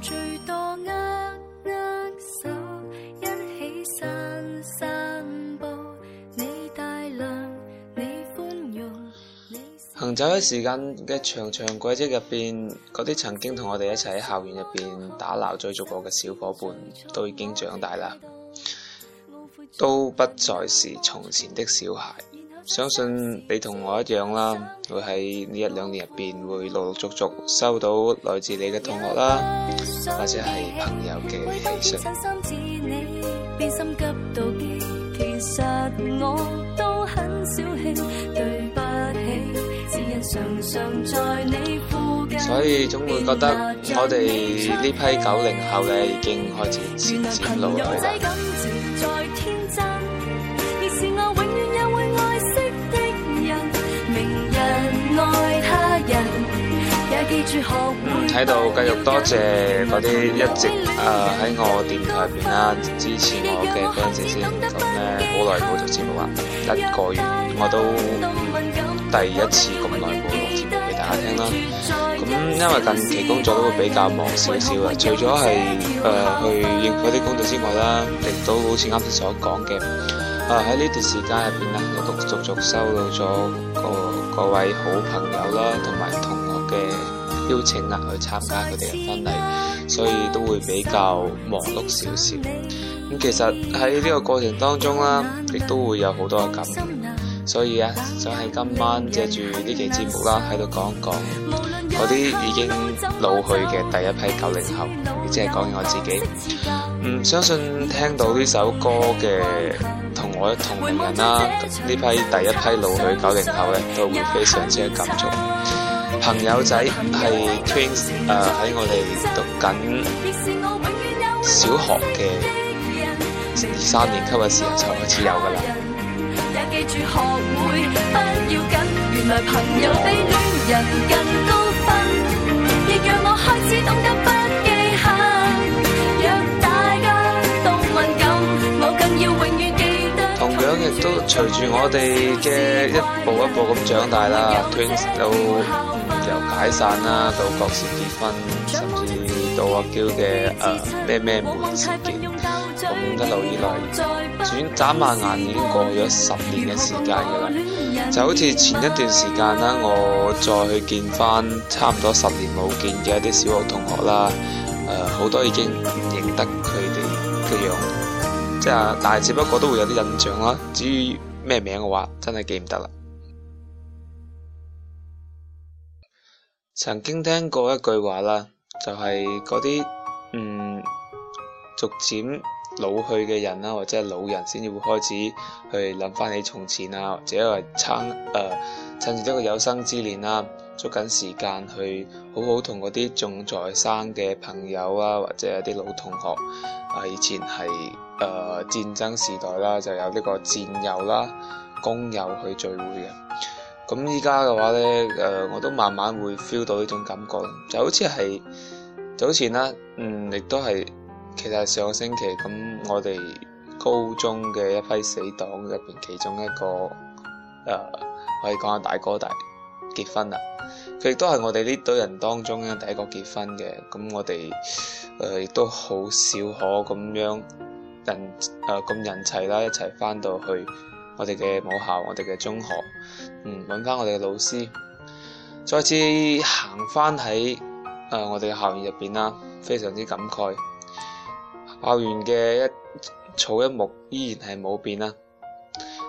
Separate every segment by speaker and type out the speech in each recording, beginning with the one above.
Speaker 1: 最多握握手，一起散散步。你大量，你寬容，你。
Speaker 2: 行走喺時間嘅長長軌跡入邊，嗰啲曾經同我哋一齊喺校園入邊打鬧追逐過嘅小夥伴，都已經長大啦。都不再是從前的小孩，相信你同我一樣啦，會喺呢一兩年入邊會陸陸陸續續收到來自你嘅同學啦，或者係朋友嘅寄
Speaker 1: 信。所以總會覺得我哋呢批
Speaker 2: 九零後咧已經開始漸漸老去啦。嗯，喺度繼續多謝嗰啲一直誒喺、呃、我電台入邊啦支持我嘅嗰陣時先，咁咧好耐冇做節目啦，一個月我都第一次咁耐冇錄節目俾大家聽啦。咁因為近期工作都會比較忙少少嘅，除咗係誒去應付一啲工作之外啦，亦都好似啱先所講嘅，誒喺呢段時間入邊啦，陸陸續續收到咗各各位好朋友啦同埋同學嘅。邀請啊去參加佢哋嘅婚禮，所以都會比較忙碌少少。咁其實喺呢個過程當中啦，亦都會有好多嘅感觸，所以啊，想喺今晚借住呢期節目啦，喺度講一講嗰啲已經老去嘅第一批九零後。亦即係講完我自己。嗯，相信聽到呢首歌嘅同我同齡人啦，呢批第一批老去九零後咧，都會非常之感觸。朋友仔係 Twins，誒，喺我哋讀緊小學嘅二三年級嘅時候就開始有噶啦。同樣亦都隨住我哋嘅一步一步咁長大啦，Twins 就。由解散啦，到郭氏結婚，甚至到阿嬌嘅誒咩咩門
Speaker 1: 事件，
Speaker 2: 咁一路以來轉眨眼，眼已經過咗十年嘅時間㗎喇。就好似前一段時間啦，我再去見翻差唔多十年冇見嘅一啲小學同學啦，誒、呃、好多已經唔認得佢哋嘅樣，即係大致不過都會有啲印象啦。至於咩名嘅話，真係記唔得啦。曾經聽過一句話啦，就係嗰啲嗯逐漸老去嘅人啦，或者係老人先至會開始去諗翻起從前啊，或者係、呃、趁，誒，趁住呢個有生之年啦，捉緊時間去好好同嗰啲仲在生嘅朋友啊，或者有啲老同學啊，以前係誒、呃、戰爭時代啦，就有呢個戰友啦、工友去聚會嘅。咁依家嘅話咧，誒、呃、我都慢慢會 feel 到呢種感覺，就好似係，早前啦，嗯，亦都係其實上個星期咁，我哋高中嘅一批死黨入邊其中一個，誒、呃、可以講下大哥大結婚啦，佢亦都係我哋呢堆人當中咧第一個結婚嘅，咁我哋誒亦都好少可咁樣人誒咁、呃、人齊啦，一齊翻到去。我哋嘅母校，我哋嘅中學，嗯，搵翻我哋嘅老師，再次行翻喺，誒、呃，我哋嘅校園入邊啦，非常之感慨，校園嘅一草一木依然係冇變啦，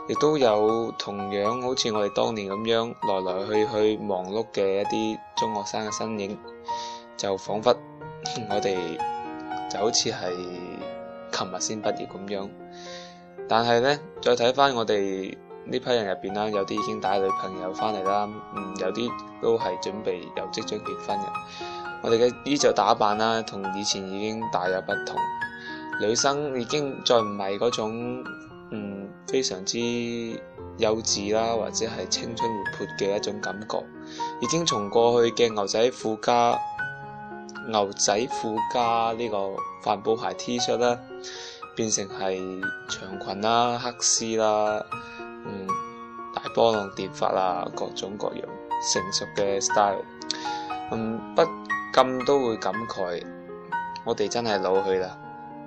Speaker 2: 亦都有同樣好似我哋當年咁樣來來去去忙碌嘅一啲中學生嘅身影，就仿佛我哋就好似係琴日先畢業咁樣。但係呢，再睇翻我哋呢批人入邊啦，有啲已經帶女朋友翻嚟啦，嗯，有啲都係準備又即將結婚嘅。我哋嘅衣着打扮啦，同以前已經大有不同。女生已經再唔係嗰種，嗯，非常之幼稚啦，或者係青春活潑嘅一種感覺，已經從過去嘅牛仔褲加牛仔褲加呢個帆布鞋 T 恤啦，變成係長裙啦、啊、黑絲啦、啊、嗯、大波浪疊髮啦，各種各樣成熟嘅 style，嗯，不禁都會感慨，「我哋真係老去啦，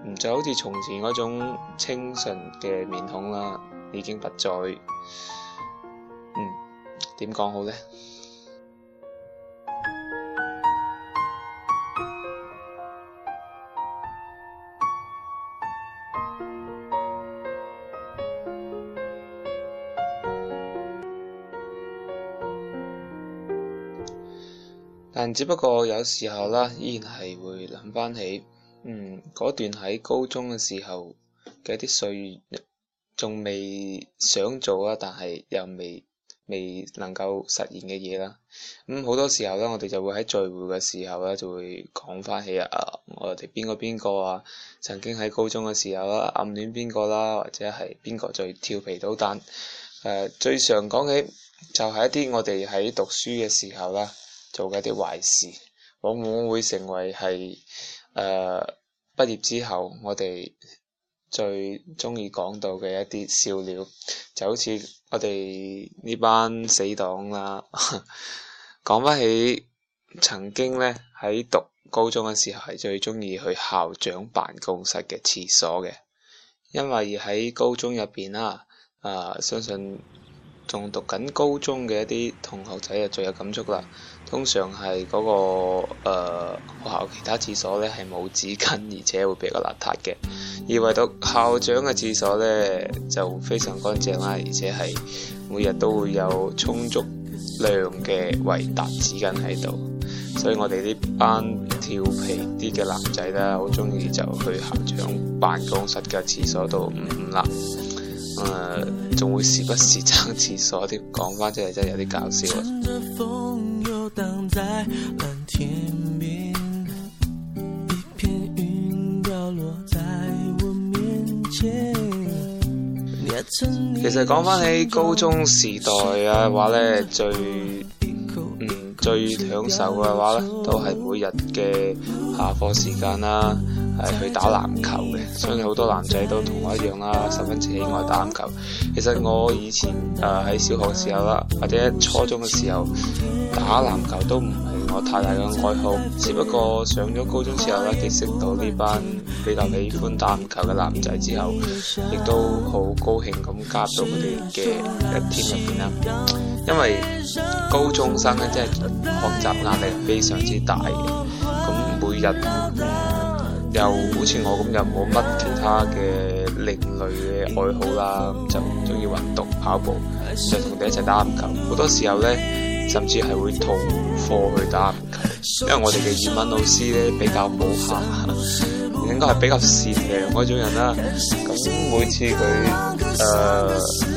Speaker 2: 唔再好似從前嗰種清純嘅面孔啦，已經不再。」嗯，點講好咧？只不過有時候啦，依然係會諗翻起，嗯，嗰段喺高中嘅時候嘅一啲歲月，仲未想做啊，但係又未未能夠實現嘅嘢啦。咁、嗯、好多時候咧，我哋就會喺聚會嘅時候咧，就會講翻起啊，我哋邊個邊個啊，曾經喺高中嘅時候啦，暗戀邊個啦，或者係邊個最調皮搗蛋。誒、啊，最常講起就係、是、一啲我哋喺讀書嘅時候啦。做嘅一啲壞事，往往會成為係誒畢業之後我哋最中意講到嘅一啲笑料，就好似我哋呢班死黨啦、啊。 講翻起曾經呢，喺讀高中嘅時候，係最中意去校長辦公室嘅廁所嘅，因為喺高中入邊啦，啊、呃、相信。仲讀緊高中嘅一啲同學仔就最有感觸啦。通常係嗰個誒學校其他廁所呢係冇紙巾，而且會比較邋遢嘅。而唯獨校長嘅廁所呢，就非常乾淨啦，而且係每日都會有充足量嘅維達紙巾喺度。所以我哋呢班調皮啲嘅男仔啦，好中意就去校長辦公室嘅廁所度五五啦。嗯嗯嗯誒，仲、呃、會時不時爭廁所添，講翻真係
Speaker 1: 真係有啲搞笑。
Speaker 2: 其實講翻起高中時代啊話咧，最嗯最享受嘅話咧，都係每日嘅下課時間啦。係去打籃球嘅，所以好多男仔都同我一樣啦，十分之喜愛打籃球。其實我以前誒喺、呃、小學嘅時候啦，或者初中嘅時候打籃球都唔係我太大嘅愛好，只不過上咗高中之後啦，結識到呢班比較喜歡打籃球嘅男仔之後，亦都好高興咁加入到佢哋嘅一天入邊啦。因為高中生咧即係學習壓力非常之大嘅，咁每日。又好似我咁又冇乜其他嘅另類嘅愛好啦，就唔中意運動跑步，就同你一齊打籃球。好多時候咧，甚至係會逃課去打籃球，因為我哋嘅語文老師咧比較好客，應該係比較善良嗰種人啦。咁每次佢誒、呃、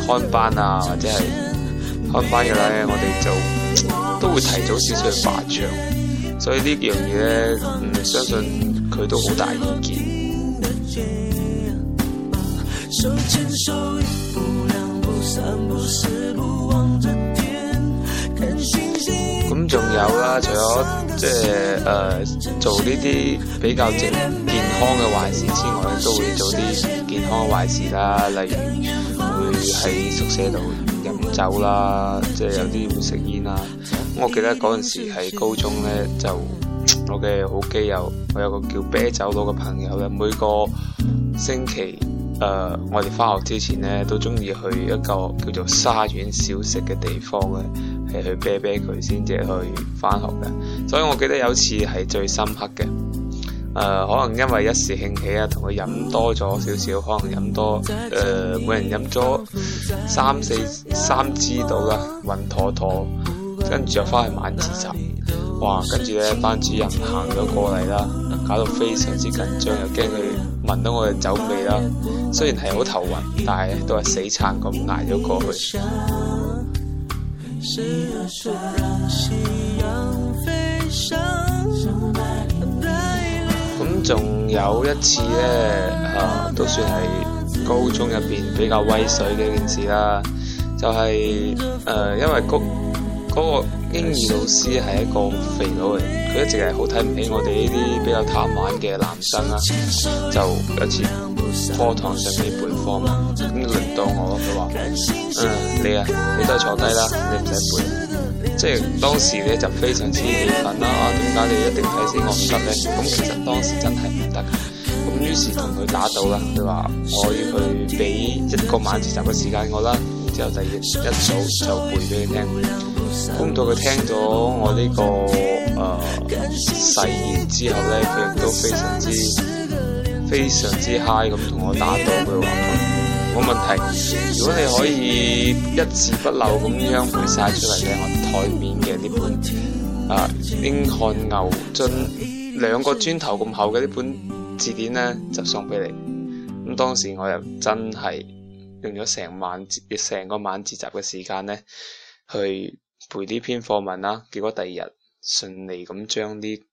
Speaker 2: 看班啊，或者係看班嘅咧，我哋就都會提早少少去排場。所以呢樣嘢咧，嗯，相信。咁仲有啦，除咗即係誒做呢啲比較健健康嘅壞事之外，咧都會做啲唔健康嘅壞事啦，例如會喺宿舍度飲酒啦，即係 有啲會食煙啦。我記得嗰陣時喺高中咧就。我嘅好基友，我有個叫啤酒佬嘅朋友咧，每個星期誒、呃，我哋翻學之前咧，都中意去一個叫做沙縣小食嘅地方咧，係去啤啤佢先至去翻學嘅。所以我記得有次係最深刻嘅，誒、呃，可能因為一時興起啊，同佢飲多咗少少，可能飲多誒、呃，每人飲咗三四三支度啦，暈坨坨，跟住就翻去晚自習。哇！跟住咧，班主任行咗過嚟啦，搞到非常之緊張，又驚佢聞到我哋酒味啦。雖然係好頭暈，但係都係死撐咁捱咗過去。咁仲有一次咧，吓、啊、都算係高中入邊比較威水嘅件事啦，就係、是、誒、呃，因為嗰個英語老師係一個肥佬嚟，佢一直係好睇唔起我哋呢啲比較貪玩嘅男生啦、啊。就有一次課堂上面背課文，咁輪到我，佢話：嗯，你啊，你都係坐低啦，你唔使背。即係當時咧就非常之氣憤啦，啊，點解你一定要睇死我唔得呢？咁其實當時真係唔得㗎。咁於是同佢打賭啦，佢話：我要去俾一個晚自習嘅時間我啦。之後第二一,一早就背俾佢聽，唔到佢聽咗我呢、這個誒誓言之後呢，佢亦都非常之非常之嗨 i 咁同我打賭嘅話，冇問題。如果你可以一字不漏咁樣背晒出嚟咧，我台面嘅呢本誒《冰、呃、漢牛津》兩個磚頭咁厚嘅呢本字典呢，就送俾你。咁當時我又真係。用咗成晚，成個晚自習嘅時間呢，去背呢篇課文啦。結果第二日順利咁將呢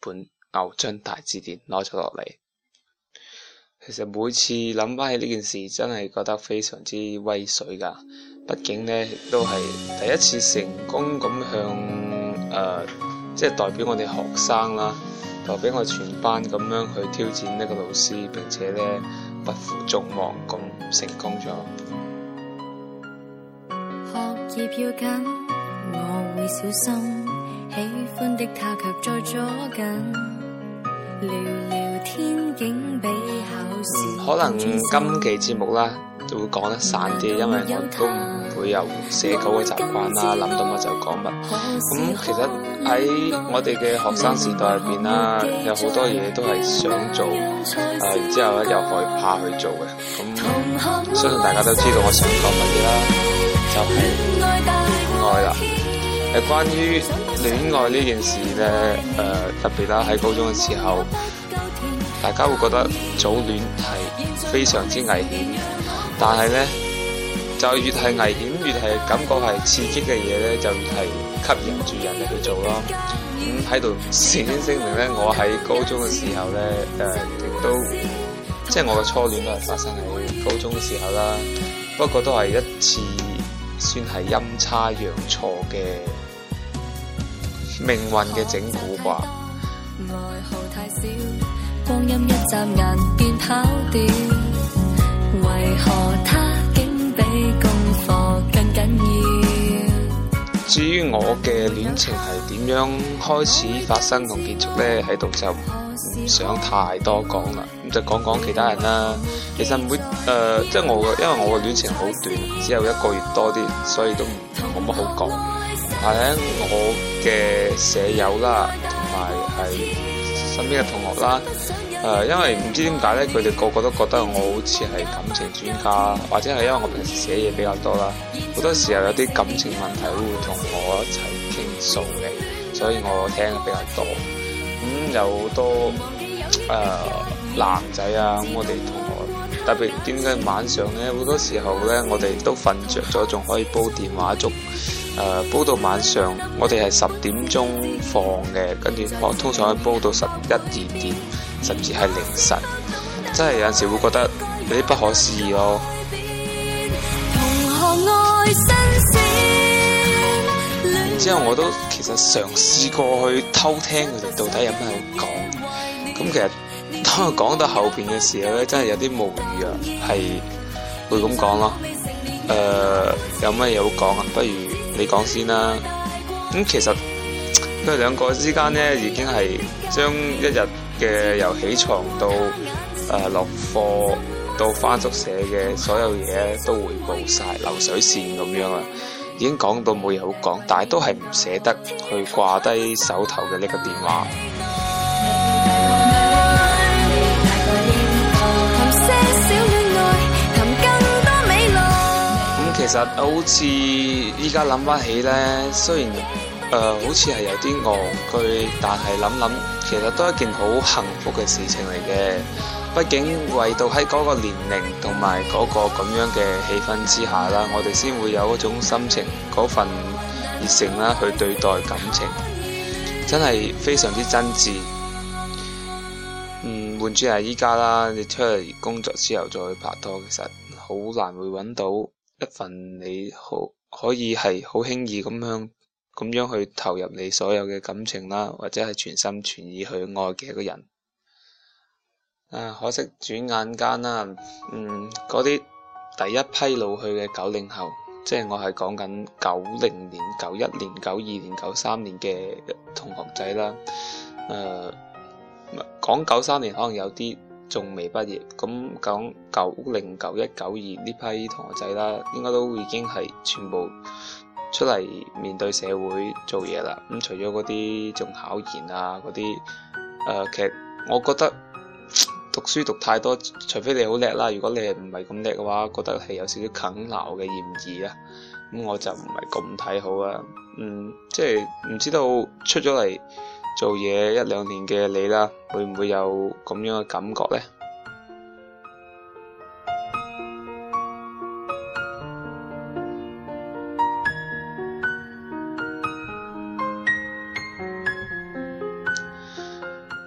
Speaker 2: 本牛津大字典攞咗落嚟。其實每次諗返起呢件事，真係覺得非常之威水㗎。畢竟呢，都係第一次成功咁向誒，即係代表我哋學生啦，代表我全班咁樣去挑戰呢個老師，並且呢。不負眾望咁成功咗。
Speaker 1: 學業要緊，我會小心。喜歡的他卻在阻緊。聊聊天竟比考
Speaker 2: 試。可能今期節目啦，就會講得散啲，因為我都會有社稿嘅習慣啦，諗到乜就講乜。
Speaker 1: 咁、嗯、
Speaker 2: 其實喺我哋嘅學生時代入邊啦，嗯、有好多嘢都係想做，誒、呃、然之後咧又害怕去做嘅。
Speaker 1: 咁、嗯嗯、相信大家都知道我想講乜嘢
Speaker 2: 啦，就係
Speaker 1: 戀愛啦。
Speaker 2: 係關於戀愛呢件事咧，誒、呃、特別啦喺高中嘅時候，大家會覺得早戀係非常之危險，但係咧。就越係危險越係感覺係刺激嘅嘢咧，就越係吸引住人去做咯。咁喺度事先聲明咧，我喺高中嘅時候咧，誒、呃、亦都即係我嘅初戀都係發生喺高中嘅時候啦。不過都係一次算係陰差陽錯嘅命運嘅整蠱啩。
Speaker 1: 為何他？
Speaker 2: 關於我嘅戀情係點樣開始發生同結束咧，喺度就唔想太多講啦，咁就講講其他人啦。其實每誒即係我嘅，因為我嘅戀情好短，只有一個月多啲，所以都唔冇乜好講。但係咧，我嘅舍友啦，同埋係身邊嘅同學啦。誒、呃，因為唔知點解咧，佢哋個個都覺得我好似係感情專家，或者係因為我平時寫嘢比較多啦，好多時候有啲感情問題都會同我一齊傾訴嘅，所以我聽得比較多。咁、嗯、有好多誒、呃、男仔啊，我哋同學特別點解晚上咧，好多時候咧，我哋都瞓着咗，仲可以煲電話粥，誒、呃、煲到晚上，我哋係十點鐘放嘅，跟住我通常可以煲到十一二點。甚至係凌晨，真係有陣時會覺得有啲不可思議咯、
Speaker 1: 哦。嗯、然
Speaker 2: 之後我都其實嘗試過去偷聽佢哋到底有咩好講。咁、嗯、其實當佢講到後邊嘅時候咧，真係有啲無語啊，係會咁講咯。誒、呃，有咩嘢好講啊？不如你講先啦。咁其實佢哋兩個之間呢，已經係將一日嘅由起床到誒落、呃、課到翻宿舍嘅所有嘢都會報晒流水線咁樣啊，已經講到冇嘢好講，但係都係唔捨得去掛低手頭嘅呢個電話。
Speaker 1: 咁、
Speaker 2: 嗯、其實好似依家諗翻起咧，雖然。誒、呃，好似係有啲戇居，但係諗諗，其實都係一件好幸福嘅事情嚟嘅。畢竟為到喺嗰個年齡同埋嗰個咁樣嘅氣氛之下啦，我哋先會有一種心情嗰份熱誠啦，去對待感情，真係非常之真摯。嗯，換住係依家啦，你出嚟工作之後再去拍拖，其實好難會搵到一份你好可以係好輕易咁樣。咁樣去投入你所有嘅感情啦，或者係全心全意去愛嘅一個人。啊，可惜轉眼間啦，嗯，嗰啲第一批老去嘅九零後，即係我係講緊九零年、九一年、九二年、九三年嘅同學仔啦。誒，講九三年可能有啲仲未畢業，咁講九零、九一、九二呢批同學仔啦，應該都已經係全部。出嚟面對社會做嘢啦，咁、嗯、除咗嗰啲仲考研啊，嗰啲誒，其、呃、實我覺得讀書讀太多，除非你好叻啦。如果你係唔係咁叻嘅話，覺得係有少少啃老嘅嫌疑啊。咁、嗯、我就唔係咁睇好啊。嗯，即係唔知道出咗嚟做嘢一兩年嘅你啦，會唔會有咁樣嘅感覺咧？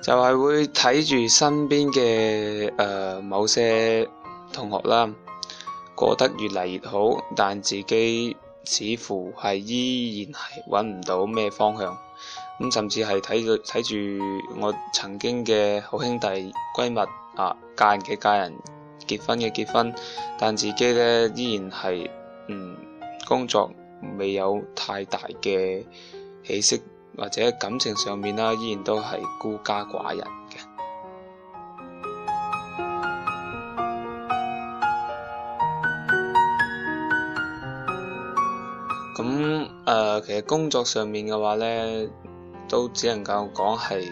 Speaker 2: 就係會睇住身邊嘅誒、呃、某些同學啦，過得越嚟越好，但自己似乎係依然係揾唔到咩方向。咁甚至係睇住睇住我曾經嘅好兄弟、閨蜜啊，嫁人嘅嫁人，結婚嘅結婚，但自己呢依然係嗯，工作未有太大嘅起色。或者感情上面啦，依然都係孤家寡人嘅。咁誒、嗯、呃，其實工作上面嘅話咧，都只能夠講係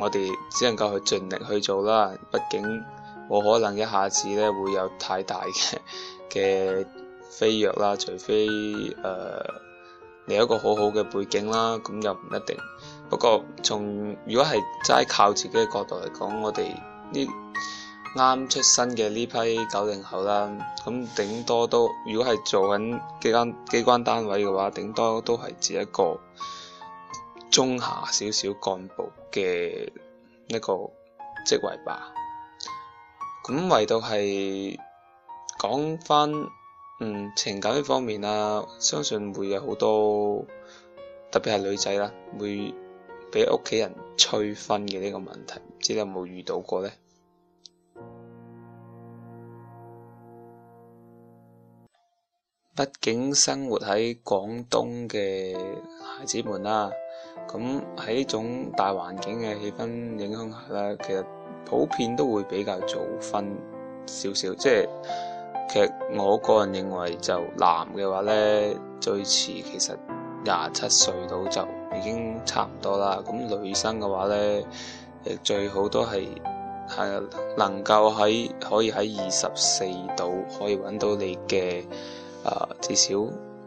Speaker 2: 我哋只能夠去盡力去做啦。畢竟冇可能一下子咧會有太大嘅嘅 飛躍啦，除非誒。呃你有一個好好嘅背景啦，咁又唔一定。不過從如果係齋靠自己嘅角度嚟講，我哋呢啱出生嘅呢批九零後啦，咁頂多都如果係做緊機關機關單位嘅話，頂多都係指一個中下少少幹部嘅一個職位吧。咁唯獨係講返。嗯，情感呢方面啦，相信會有好多，特別係女仔啦，會俾屋企人催婚嘅呢個問題，唔知你有冇遇到過呢？畢 竟生活喺廣東嘅孩子們啦，咁喺呢種大環境嘅氣氛影響下啦，其實普遍都會比較早瞓少少，即係。其實我個人認為就男嘅話咧，最遲其實廿七歲到就已經差唔多啦。咁女生嘅話咧，最好都係係能夠喺可以喺二十四度可以揾到你嘅啊、呃，至少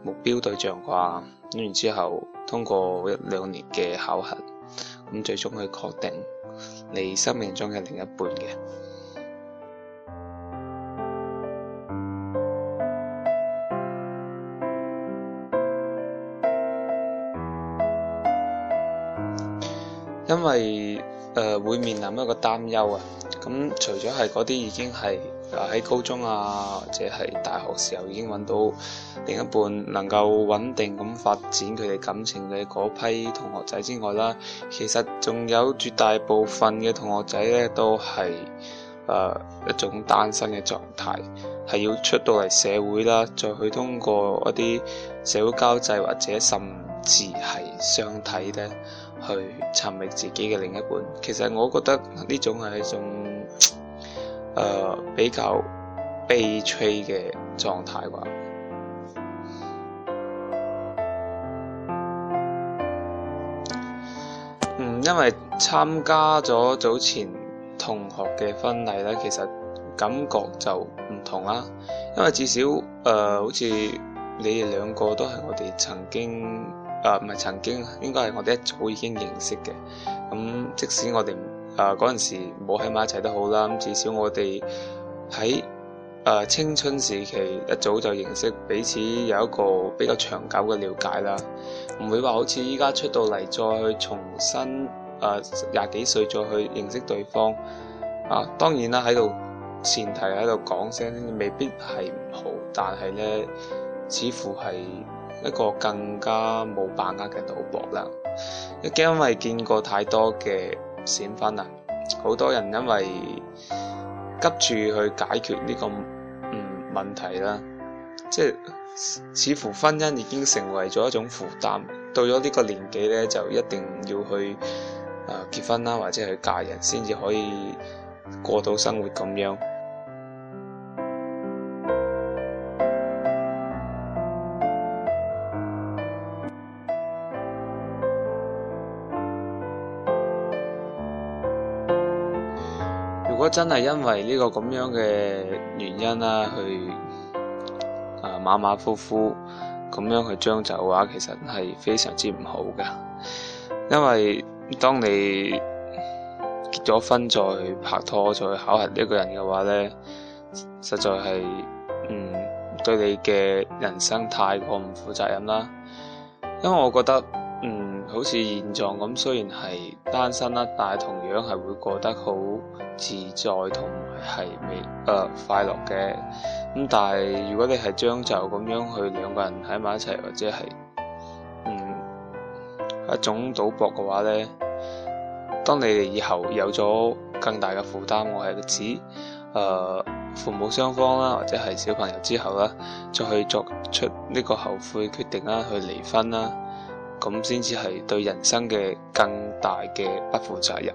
Speaker 2: 目標對象啩。咁然之後通過一兩年嘅考核，咁最終去確定你生命中嘅另一半嘅。因為誒、呃、會面臨一個擔憂啊，咁除咗係嗰啲已經係誒喺高中啊或者係大學時候已經揾到另一半能夠穩定咁發展佢哋感情嘅嗰批同學仔之外啦，其實仲有絕大部分嘅同學仔呢，都係誒、呃、一種單身嘅狀態，係要出到嚟社會啦，再去通過一啲社會交際或者甚至係相睇呢。去尋覓自己嘅另一半，其實我覺得呢種係一種誒、呃、比較悲催嘅狀態啩。嗯，因為參加咗早前同學嘅婚禮咧，其實感覺就唔同啦。因為至少誒、呃，好似你哋兩個都係我哋曾經。誒唔係曾經，應該係我哋一早已經認識嘅。咁即使我哋誒嗰陣時冇喺埋一齊都好啦，至少我哋喺誒青春時期一早就認識彼此，有一個比較長久嘅了解啦。唔會話好似依家出到嚟再去重新誒廿幾歲再去認識對方。啊、呃，當然啦，喺度前提喺度講聲未必係唔好，但係呢，似乎係。一個更加冇把握嘅賭博啦，因為見過太多嘅閃婚啦，好多人因為急住去解決呢個嗯問題啦，即係似乎婚姻已經成為咗一種負擔，到咗呢個年紀咧就一定要去啊結婚啦，或者去嫁人先至可以過到生活咁樣。真係因為呢個咁樣嘅原因啦、啊，去啊、呃、馬馬虎虎咁樣去將就嘅話，其實係非常之唔好噶。因為當你結咗婚再去拍拖再去考核呢個人嘅話呢，實在係，嗯，對你嘅人生太過唔負責任啦。因為我覺得。好似現狀咁，雖然係單身啦，但係同樣係會過得好自在同埋係未誒快樂嘅。咁但係如果你係將就咁樣去兩個人喺埋一齊，或者係嗯一種賭博嘅話咧，當你哋以後有咗更大嘅負擔，我係指誒、呃、父母雙方啦，或者係小朋友之後啦，再去作出呢個後悔決定啦，去離婚啦。咁先至係對人生嘅更大嘅不負責任。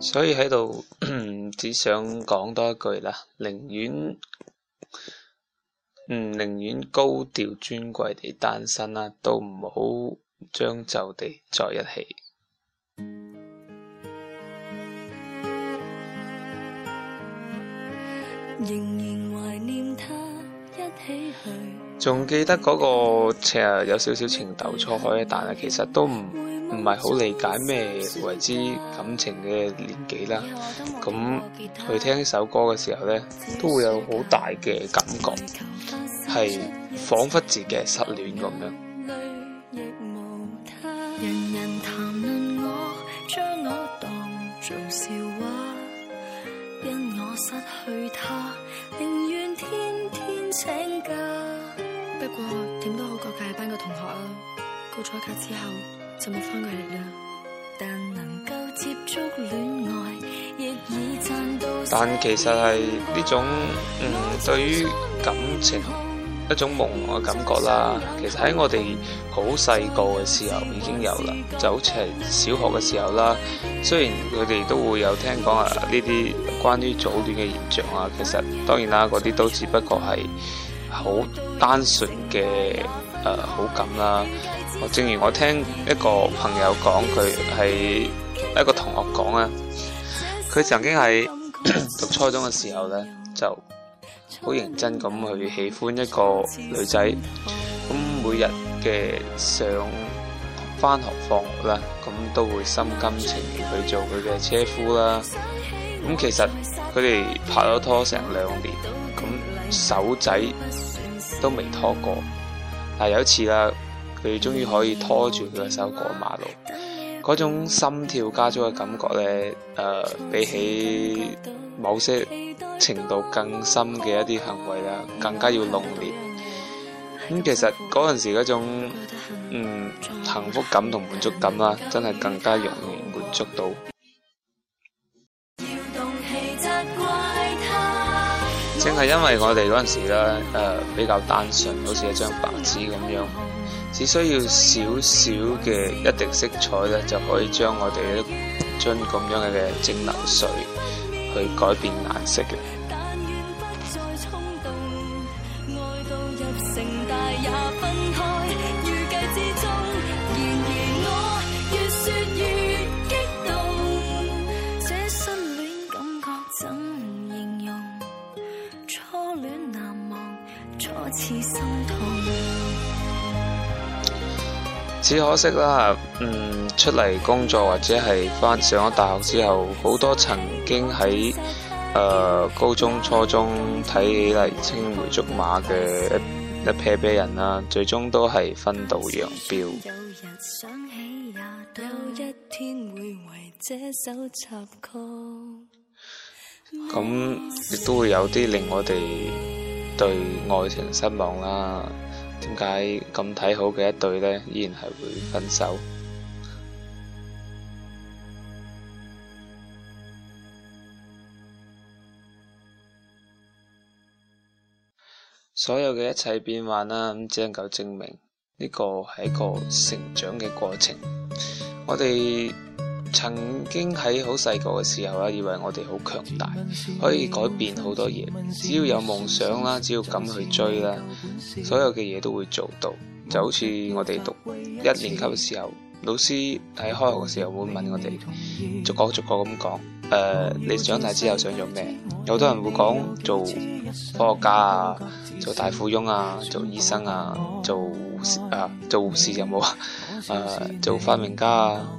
Speaker 2: 所以喺度只想講多一句啦，寧願。唔寧願高調尊貴地單身啦，都唔好將就地在一起。
Speaker 1: 仍然懷念他一起去。
Speaker 2: 仲記得嗰、嗰個，其實有少少情竇初開，但係其實都唔。唔係好理解咩為之感情嘅年紀啦，咁去聽呢首歌嘅時候咧，都會有好大嘅感覺，係仿佛自己失戀咁樣。
Speaker 1: 人人談論我，將我當做笑話，因我失去他，寧願天天請假。不過點都好過隔籬班嘅同學啊，告咗假之後。但
Speaker 2: 其實係呢種嗯，對於感情一種朦朧嘅感覺啦。其實喺我哋好細個嘅時候已經有啦，就好似係小學嘅時候啦。雖然佢哋都會有聽講啊呢啲關於早戀嘅現象啊，其實當然啦，啊，嗰啲都只不過係好單純嘅誒、呃、好感啦。正如我聽一個朋友講，佢係一個同學講啊，佢曾經喺 讀初中嘅時候咧，就好認真咁去喜歡一個女仔，咁每日嘅上翻學放學啦，咁都會心甘情願去做佢嘅車夫啦。咁其實佢哋拍咗拖成兩年，咁手仔都未拖過，但有一次啦。佢終於可以拖住佢嘅手過馬路，嗰種心跳加速嘅感覺咧，誒、呃、比起某些程度更深嘅一啲行為啦，更加要濃烈。咁、嗯、其實嗰陣時嗰種，嗯，幸福感同滿足感啦，真係更加容易滿足到。正係 因為我哋嗰陣時咧，誒、呃、比較單純，好似一張白紙咁樣。只需要少少嘅一滴色彩咧，就可以將我哋一樽咁樣嘅嘅蒸餾水去改變顏色。只可惜啦，嗯，出嚟工作或者係返上咗大學之後，好多曾經喺誒、呃、高中、初中睇起嚟青梅竹馬嘅、呃、一一批批人啦，最終都係分道揚鑣。
Speaker 1: 咁
Speaker 2: 亦、嗯、都會有啲令我哋對愛情失望啦。點解咁睇好嘅一對呢，依然係會分手？所有嘅一切變幻啦，只能夠證明呢個係一個成長嘅過程。我哋。曾經喺好細個嘅時候啦，以為我哋好強大，可以改變好多嘢。只要有夢想啦，只要敢去追啦，所有嘅嘢都會做到。就好似我哋讀一年級嘅時候，老師喺開學嘅時候會問我哋逐個逐個咁講：誒、呃，你長大之後想做咩？有好多人會講做科學家啊，做大富翁啊，做醫生啊，做護士啊、呃、做護士有冇啊？誒、呃，做發明家啊！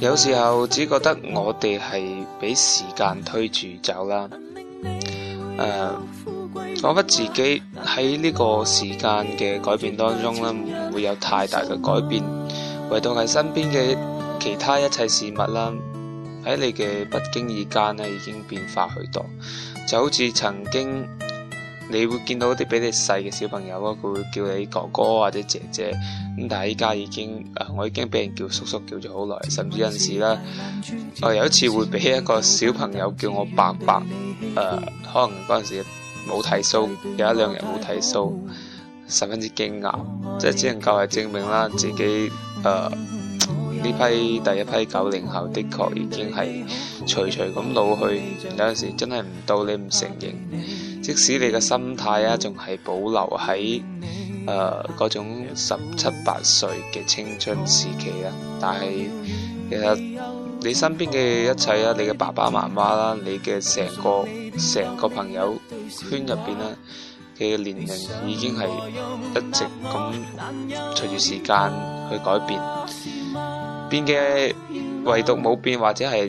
Speaker 2: 有時候只覺得我哋係俾時間推住走啦，呃，我覺得自己喺呢個時間嘅改變當中啦，唔會有太大嘅改變，唯獨係身邊嘅其他一切事物啦，喺你嘅不經意間呢已經變化許多，就好似曾經。你會見到啲比你細嘅小朋友咯，佢會叫你哥哥或者姐姐咁，但係依家已經，誒，我已經俾人叫叔叔叫咗好耐，甚至有陣時咧，誒、呃，有一次會俾一個小朋友叫我伯伯，誒、呃，可能嗰陣時冇剃鬚，有一兩日冇剃鬚，十分之驚訝，即係只能夠係證明啦，自己誒，呢、呃、批第一批九零後的確已經係徐徐咁老去，有陣時真係唔到你唔承認。即使你嘅心態啊，仲係保留喺誒嗰種十七八歲嘅青春時期啊，但係其實你身邊嘅一切啊，你嘅爸爸媽媽啦，你嘅成個成個朋友圈入邊啦嘅年齡已經係一直咁隨住時間去改變，邊嘅唯獨冇變，或者係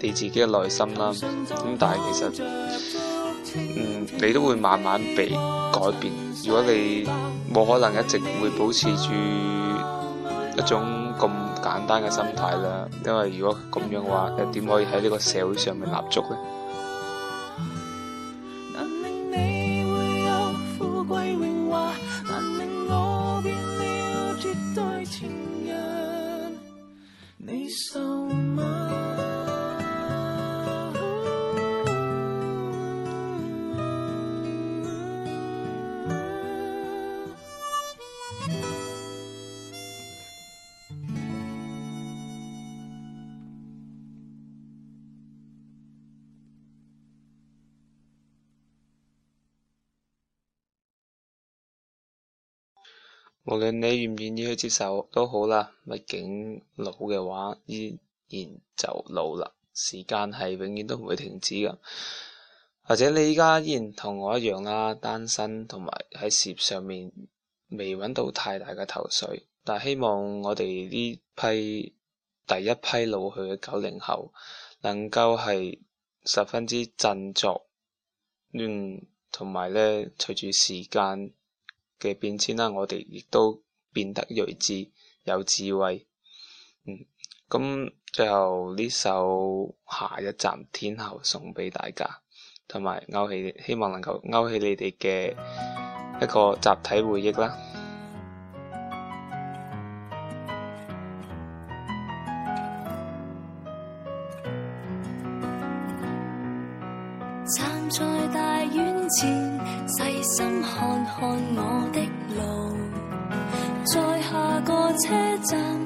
Speaker 2: 你自己嘅內心啦、啊，咁、嗯、但係其實。嗯，你都會慢慢被改變。如果你冇可能一直會保持住一種咁簡單嘅心態啦，因為如果咁樣嘅話，又點可以喺呢個社會上面立足咧？無論你願唔願意去接受都好啦，畢竟老嘅話依然就老啦。時間係永遠都唔會停止噶。或者你依家依然同我一樣啦，單身同埋喺事業上面未搵到太大嘅頭緒，但希望我哋呢批第一批老去嘅九零後，能夠係十分之振作，嗯，同埋呢，隨住時間。嘅變遷啦，我哋亦都變得睿智，有智慧。嗯，咁最後呢首《下一站天后》送俾大家，同埋勾起，希望能夠勾起你哋嘅一個集體回憶啦。
Speaker 1: 看我的路，在下個車站。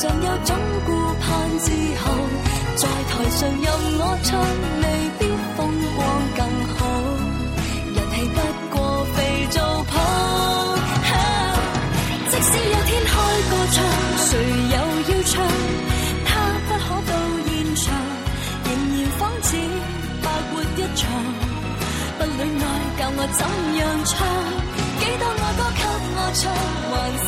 Speaker 1: 尚有種顧盼之後，在台上任我唱，未必風光更好。人氣不過肥皂泡，即使有天開個唱，誰又要唱？他不可到現場，仍然仿似白活一場。不戀愛教我怎樣唱？幾多愛歌給我唱？還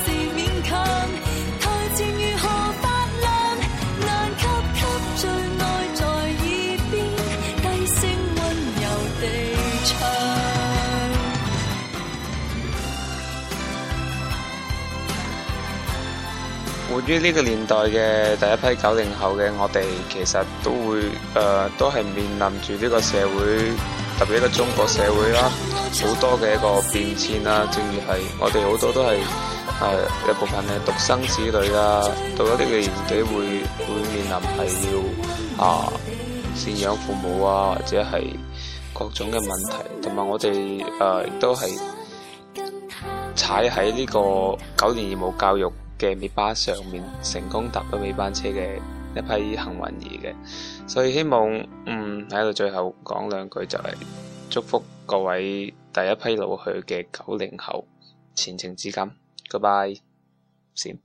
Speaker 2: 於呢個年代嘅第一批九零後嘅我哋，其實都會誒、呃、都係面臨住呢個社會，特別呢個中國社會啦，好多嘅一個變遷啊，正如係我哋好多都係誒、呃、一部分嘅獨生子女啊，到咗呢個年紀會會面臨係要啊贍養父母啊，或者係各種嘅問題，同埋我哋誒亦都係踩喺呢個九年義務教育。嘅尾巴上面成功搭到尾班車嘅一批幸運兒嘅，所以希望嗯喺度最後講兩句就係、是、祝福各位第一批老去嘅九零後前程似錦，Goodbye，閃。